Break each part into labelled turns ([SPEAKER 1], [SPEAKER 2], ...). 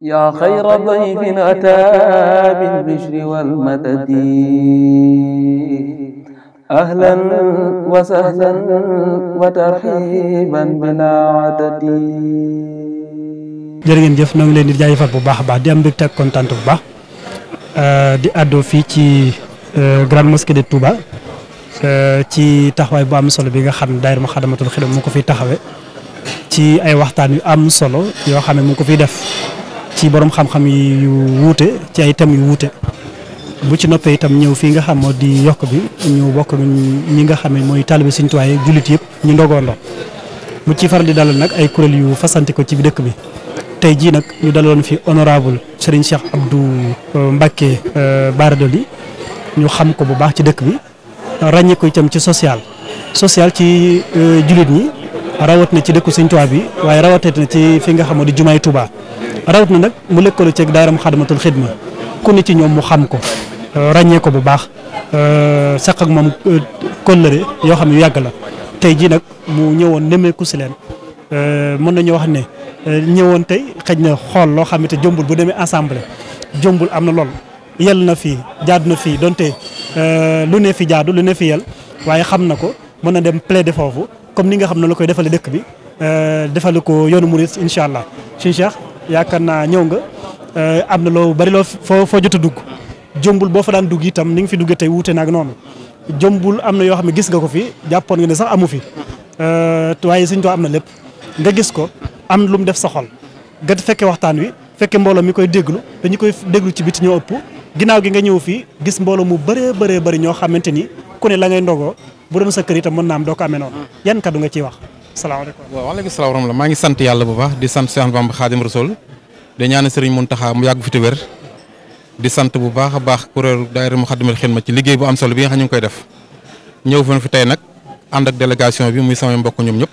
[SPEAKER 1] yaa xayra dayfin ataa bil bishri wal madadi ahlan wa sahlan wa tarhiiban bilaa adadi jërë ngeen jëf noo ngi leen di jaajëfal bu baax a baax di am mbégte ak kontaan bu baax euh, di àddoo fii ci euh, grande mosquée de Touba euh, ci taxawaay bu am solo bi nga xam ne daayira Moukhaddamatoul Khidma mu ko fi taxawe ci ay waxtaan yu am solo yoo xam ne mu ko fi def. ci borom xam-xam yu wuute ci ay thèmes yu wuute bu ci noppee itam ñëw fii nga xam moo di yokk bi ñu bokk ñi nga xam ne mooy taalibe Sëriñ Tuubaa jullit yëpp ñu ndogoondoo mu ci faral di dalal nag ay kuréel yu fasante ko ci dëkk bi tey jii nag ñu dalaloon fi honorable Serigne Cheikh Abdou euh, Mbacké euh, Bara Dolly ñu xam ko bu baax ci dëkk bi ràññee ko itam ci social social ci euh, jullit ñi rawat na ci dëkku Sëriñ Tuubaa bi waaye rawatee na ci fi nga xam moo di jumaay Tuubaa rawat na nag mu lëkkalu ceeg daayira Muxaddamatul Xidma ku ne ci ñoom mu xam ko ràññee ko bu baax euh, saq ak moom euh, kóllëre yoo xam ne yàgg la tey jii nag mu ñëwoon nemmeeku si leen euh, mën nañu wax ne ñëwoon tey xëj na xool loo xam ne te jombul bu demee assemblée jombul am na lool yell na fii jaadu na fii donte lu ne fi jaadu lu ne fi yel waaye xam na ko mën na dem plaider foofu comme ni nga xam ne la koy defale dëkk bi defale ko yoonu murit incha allah suñu Cheikh yaakaar naa ñëw nga eh, am na loo bari loo foo foo jot a dugg jëmbul boo fa daan dugg itam ni nga fi duggee tey wuute nag noonu jëmbul am na yoo xam ne gis nga ko fii jàppoon nga ne sax amu fi eh, waaye Sëñ Tuubaa am na lépp nga gis ko am lu mu def sa xol nga fekkee waxtaan wi fekkee mbooloo mi koy déglu dañu koy déglu ci biti ñoo ëpp ginnaaw gi nga ñëw fii gis mbooloo mu bëree bëree bari ñoo xamante ni ku ne la ngay ndogoo bu doon sa kër itam mën naa am doo ko amee noonu yan kàddu nga ciy wax.
[SPEAKER 2] salaamaaleykum waaw waaleykum salaam wa rahmatulah maa ngi sant yàlla bu baax di sant Cheikh Bamba Khadim Rasoul di ñaan Serigne Mountakha mu yàgg fi te wér di sant bu baax a baax kuréel daayira Moukhaddamatoul ma ci liggéey bu am solo bi nga xam ñu ngi koy def ñëw fan fi tey nag ànd ak délégation bi muy samay mbokk ñoom ñëpp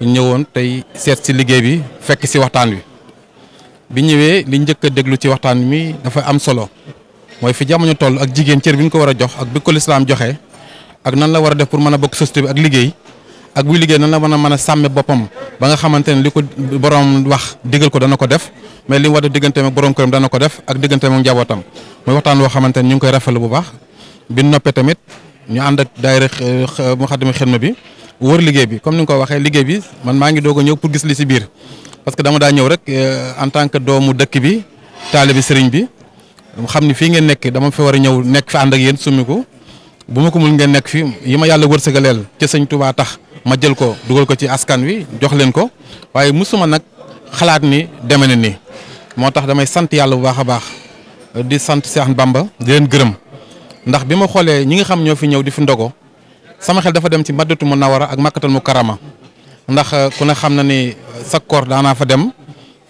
[SPEAKER 2] ñëwoon tey seet si liggéey bi fekk si waxtaan wi bi ñëwee li njëkk a déglu ci waxtaan mi dafa am solo mooy fi jamono toll ak jigéen cër bi ñu ko war a jox ak bi ko lislaam joxe ak nan la war a def pour mën a bokk société bi ak liggéey ak buy liggéey na la mën a mën a sàmme boppam ba nga xamante ne li ko borom wax digal ko dana ko def mais li mu war a digganteem ak borom këram dana ko def ak digganteem ak njabootam muy waxtaan woo xamante ne ñu ngi koy rafetlu bu baax bi noppee tamit ñu ànd ak daayira eh, Moukhaddamatoul Khidma bi wër liggéey bi comme ni nga ko waxee liggéey bi man maa ngi doog ñëw pour gis li si biir parce que dama daa ñëw rek eh, en tant que doomu dëkk bi taale bi sëriñ bi xam ni fii ngeen nekk dama fa war a ñëw nekk fi ànd ak yéen summiku bu ma ko mul ngeen nekk fi yi ma yàlla wërsëgaleel ci sëñ Tuubaa tax ma jël ko dugal ko ci askan wi jox leen ko waaye musuma nag xalaat ni deme na ni moo tax damay sant yàlla bu baax a baax di sant Cheikh Bamba di leen gërëm ndax bi ma xoolee ñi nga xam ñoo fi ñëw di fi ndogo sama xel dafa dem ci maddatu mu nawara ak makkatal mu karama ndax uh, ku ne xam na ni uh, sa koor daanaa fa dem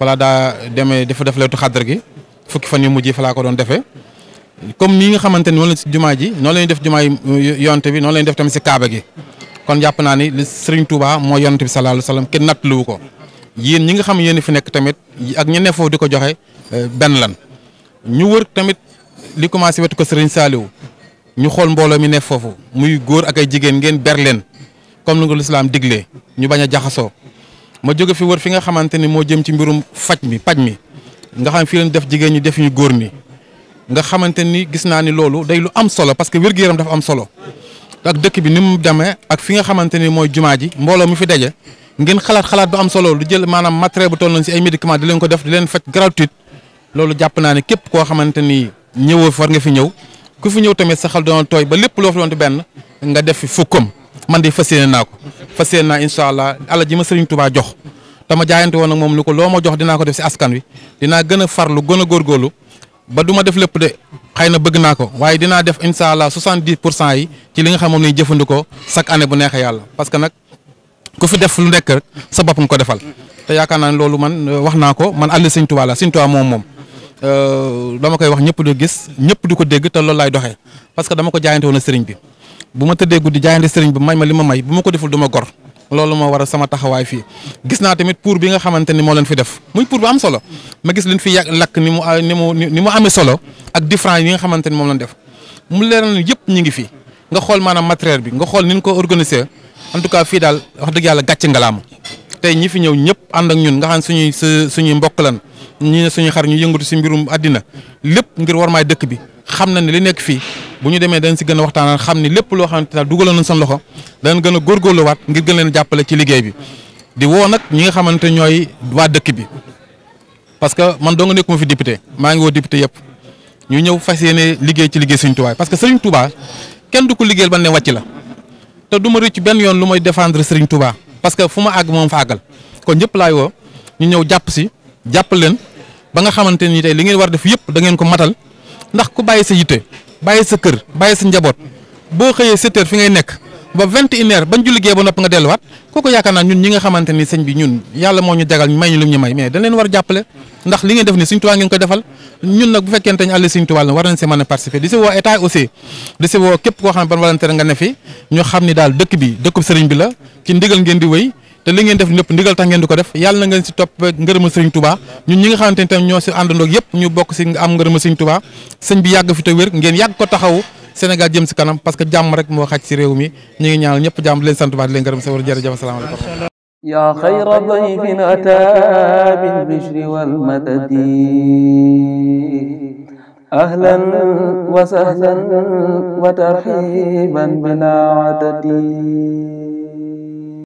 [SPEAKER 2] wala daa demee dafa def leetu xàddar gi fukki fan yu mujj yi ko doon defee comme nii nga xamante ni noonu la si jumaa ji noonu la def jumaa yi uh, yonte bi noonu la def tamit si kaaba gi kon jàpp naa ni li Serigne Touba moo yonent bi sallallahu alayhi wasallam kenn nattluwu ko yéen ñi nga xam yéen fi nekk tamit ak ñi ne foofu di ko joxe euh, benn lan ñu wër tamit li commencé wetu ko Serigne Saliou ñu xool mbooloo mi ne foofu muy góor ak ay jigéen ngeen ber leen comme lu nga lislaam diglee ñu bañ a jaxasoo ma jóge fi wër fi nga xamante ni moo jëm ci mbirum faj mi paj mi nga xam fii leen def jigéen ñi def ñu góor ñi nga xamante ni gis naa ni loolu day lu am solo parce que wér gu dafa am solo ak dëkk bi ni mu demee ak fi nga xamante ni mooy jumaa ji mbooloo mu fi daje ngeen xalaat xalaat bu am solo lu jël maanaam matériel bu toll nañ si ay médicament di leen ko def di leen faj gratuite loolu jàpp naa ne képp koo xamante ni ñëwoo war nga fi ñëw ku fi ñëw tamit sa xel doon tooy ba lépp loo fi doon benn nga def fi fukkam man de fas yéene naa ko fas yéene naa incha allah ala ji ma Serigne Touba jox dama jaayante woon ak moom lu ko loo ma jox dinaa ko def si askan wi dinaa gën a farlu gën a góorgóorlu ba duma def lépp de xëy na bëgg naa ko waaye dinaa def incha allah soixante dix pour cent yi ci li nga xam moom lañuy jëfandikoo chaque année bu neexee yàlla parce que nag ku fi def lu nekk rek sa bopp nga ko defal te yaakaar naa ne loolu man euh, wax naa ko man àll Sëñ Tuubaa la Sëñ Tuubaa moom moom. Euh, dama koy wax ñëpp di gis ñëpp di ko dégg te loolu lay doxee parce que dama ko jaayante woon a sëriñ bi bu ma tëddee guddi jaayante sëriñ bi may ma li ma may bu ma ko deful du ma gor. loolu moo war a sama taxawaay fii gis naa tamit pour bi nga xamante ni moo leen fi def muy pour bu am solo ma gis leen fi yàgg lakk ni mu ni mu ni mu amee solo ak différence yi nga xamante ni moom lañ def mu leeral yëpp ñu ngi fi nga xool maanaam matériel bi nga xool ni ñu ko organiser en tout cas fii daal wax dëgg yàlla gàcce ngalaama tey ñi fi ñëw ñëpp ànd ak ñun nga xam suñuy suñuy mbokk lan ñu ne suñu xar ñu yëngatu si mbirum àddina lépp ngir war maay dëkk bi xam na ne li nekk fii bu ñu demee dañ si gën a waxtaan xam ni lépp loo xamante daal dugaloon nañ seen loxo danañ gën a góorgóorluwaat ngir gën leen jàppale ci liggéey bi di woo nag ñi nga xamante ñooy waa dëkk bi parce que man doo nga nekkuma fi député maa ngi woo député yëpp ñu ñëw fas yéene liggéey ci liggéey Serigne Touba parce que Serigne Touba kenn du ko liggéeyal ba ne wàcc la du ma rëcc benn yoon lu may défendre Serigne Touba parce que fu ma àgg moom fa àggal kon ñëpp laay woo ñu ñëw jàpp si jàpp leen ba nga xamante ni tey li ngeen war def yëpp da ngeen ko matal ndax ku bàyyi sa yitte bàyyi sa kër bàyyi sa njaboot boo xëyee 7 heures fi ngay nekk ba 21 heures bañ julli gee ba nopp nga delluwaat kooku yaakaar naa ñun ñi nga xamante ni sëñ bi ñun yàlla moo ñu jagal may ñu lu ñu may mais dañ leen war a jàppale ndax li ngeen def ni Sëñ Tuubaa ngeen ko defal ñun nag bu fekkente àll Sëñ Tuubaa la war nañ si mën a participer di si woo état aussi di si woo képp koo xam ne ban volontaire nga ne fi ñu xam ni bi dëkkub sëriñ bi la ci ngeen di wéy te li ngeen def lépp ndigal tax ngeen di ko def yàlla na ngeen si topp ngërëma sëriñ Touba ñun ñi nga xamante ni ñoo si àndandoog yëpp ñu bokk si am ngërëma sëriñ Touba sëñ bi yàgg fi te wér ngeen yàgg ko taxawu Sénégal jëm si kanam parce que jàmm rek moo xaj si réew mi ñu ngi ñaanal ñëpp jàmm leen sant baax di leen gërëm sa war jërëjëf asalaamaaleykum
[SPEAKER 1] yaa xayra dayfin ataa bil bishri wal madadi ahlan wa sahlan wa tarhiban bilaa adadi